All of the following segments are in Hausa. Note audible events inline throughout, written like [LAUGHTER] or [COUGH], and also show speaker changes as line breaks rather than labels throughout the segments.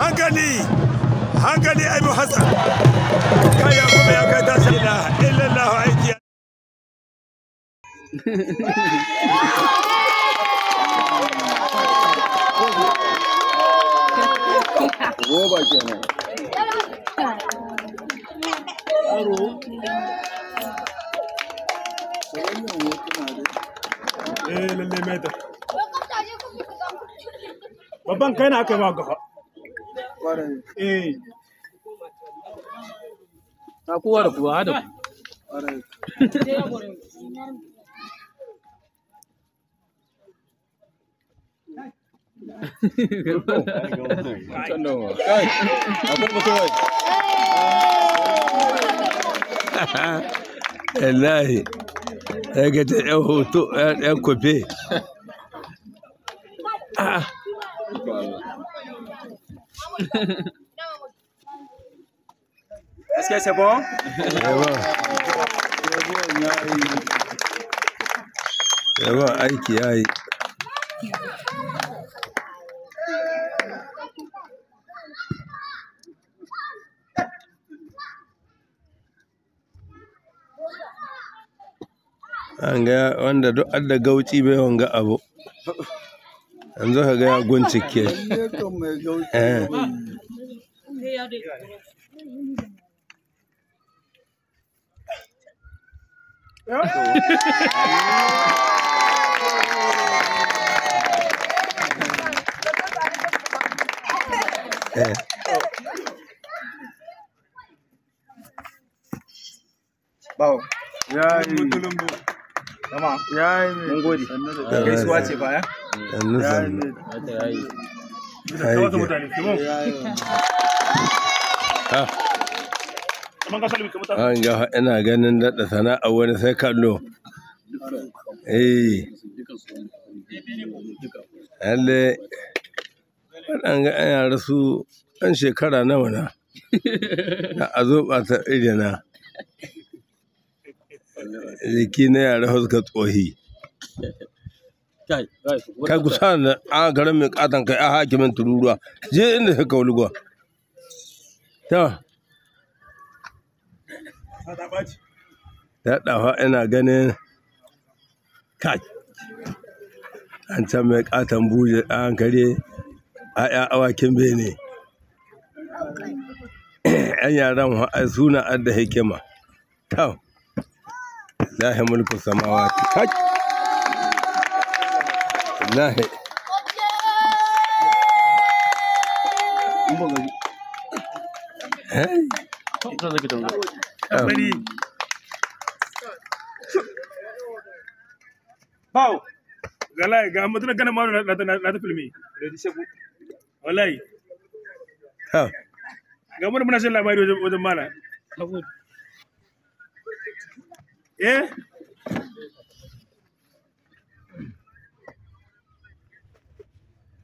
هنقلي هنقلي أبو حسن كايا يا كاتاشينا إلا الله عيدي [LAUGHS] بابا كاين هكا واقفه kwarai da kowa da ya ga ‘yan hoto, ‘yan kwafe. Ah. Est-ce que c'est bon? C'est bon, aiki yayi. An ga wanda duk adda gauci bai wanga abu. Yanzu ka ga ya guncike. [LAUGHS] à. Yeah. Bao. Yayi. Mutulumbu. Tamam. Yayi. Mun gode. Gaisuwa ce baya? Sannu sannu. an ga ah, ina ganin daɗa sana'a wani sai kallo
eh
lalle waɗanga an yara su ɗan shekara nawa na a zo ɓata irina jiki na yara suka tsohi kai ku sa na a garin mai katon kai a hakimin tururuwa je inda ka kauli gwa ta ya dafa ina ganin kai an can mai katon buje a hankali a ya awakin bene [CLEARS THROAT] yan yaran suna adda hikima ta lahi mulku samawati kai wallahi Bau, eh? galai ga mutum gana maru na ta filmi da di shagu. Wallahi. Ga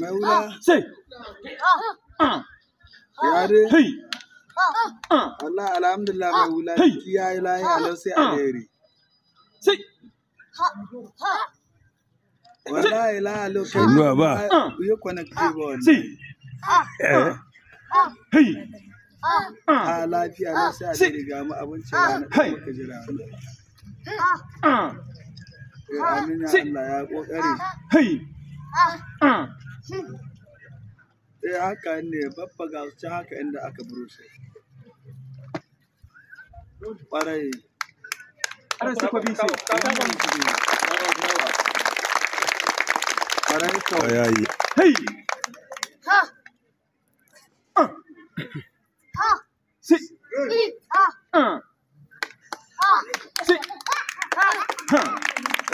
Mai wuya. Ah, sai. Ah. Ah. alhamdulillah mai wula ya yi a Sai. Sai. Eh, sai Eh haka ne, baffa su haka inda aka baro shi.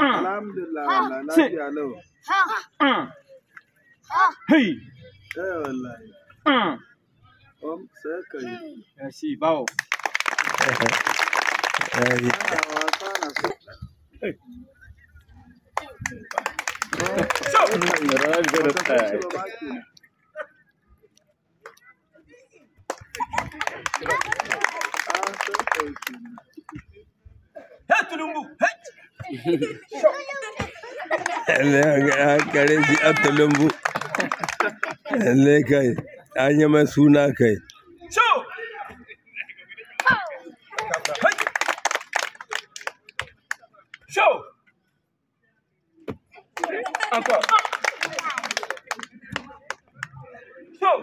Alhamdulillah, wallahi lafiya lau. Hey. Eh Hey, Tulumbu! Hey! kare shi a tulumbu lalle kai an yi mai suna kai Show! Show! Show!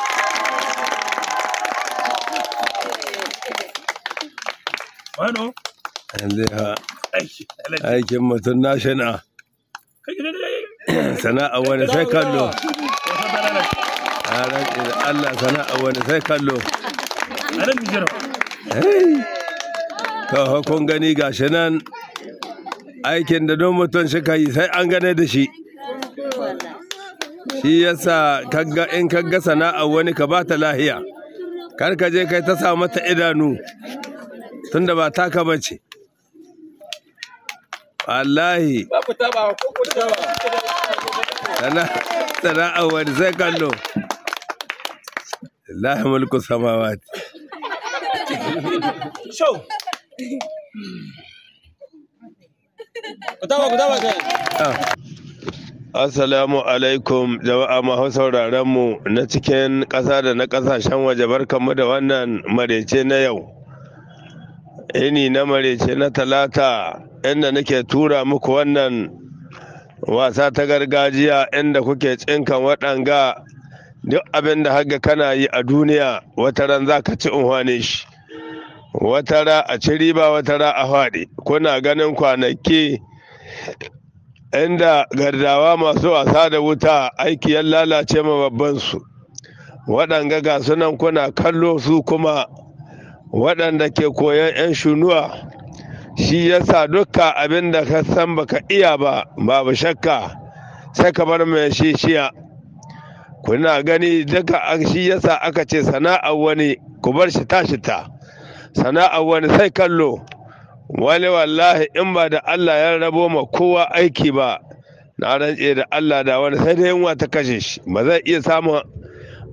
aikin mutum na shana, sana'a wani sai kallo a rantsi da allah sana'a wani sai kallo kun gani gashi nan aikin da don mutum shi ka yi sai an gane da shi shi yasa in kagga sana'a wani ka ba ta lahiya kar ka je kai ta sa mata idanu tunda ba taka ba ce wallahi sana'a wani sai kallo lahi mulku samawati show ah. Assalamu alaikum jama'a mahu sauraron mu na cikin ƙasa da na ƙasashen waje barkamu, da wannan marece na yau. ini na marece na talata inda nake tura muku wannan wasa ta gargajiya inda kuke tsinkan waɗanga duk abin da haga kana yi a duniya wataran za ka ci unhwane shi watara a ci riba watara a haɗe kuna ganin kwanaki inda gardawa masu wasa da wuta aiki ya lalace ma babbansu waɗanga ga sunan kuna kallo su kuma waɗanda ke koyon 'yan shunuwa shi ya sa dukka abin da ka san baka iya ba babu shakka sai ka bar mai shishiya kuna gani duka shi ya sa aka ce sana'a wani ku bar shi tashi ta sana'ar wani sai kallo wani wallahi in ba da Allah ya rabo ma kowa aiki ba na rantse da Allah da wani sai da yunwa ta kashe shi ba zai iya samun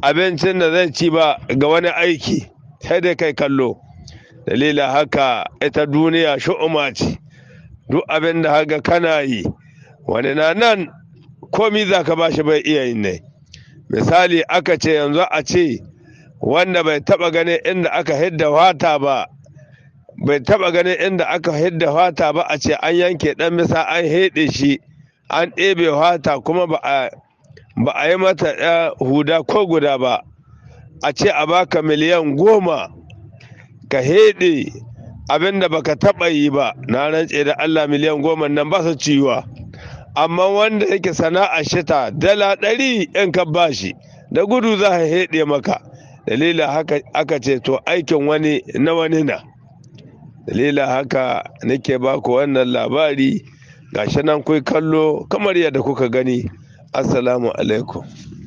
abincin da zai ci ba ga wani aiki sai dai kai kallo dalila haka ita duniya shu'uma ce duk abin da haka kana yi wani na nan komi za ka bashi bai iya yin ne misali aka ce yanzu a ce wanda bai taba ganin inda aka hidda wata ba bai taba gane inda aka hidda wata ba a ce an yanke dan misa an hede shi an ɗebe wata kuma ba a yi mata eh, huda ko guda ba a ce a baka miliyan goma ka heɗe abin da baka taɓa yi ba na rantse da allah miliyan goma nan ba su ciwa amma wanda yake sana'a shita dala ɗari in ka bashi da gudu za a heɗe maka dalila haka aka ce to aikin wani na wani na dalila haka nake baku wannan labari gashi nan kai kallo kamar yadda kuka gani assalamu alaikum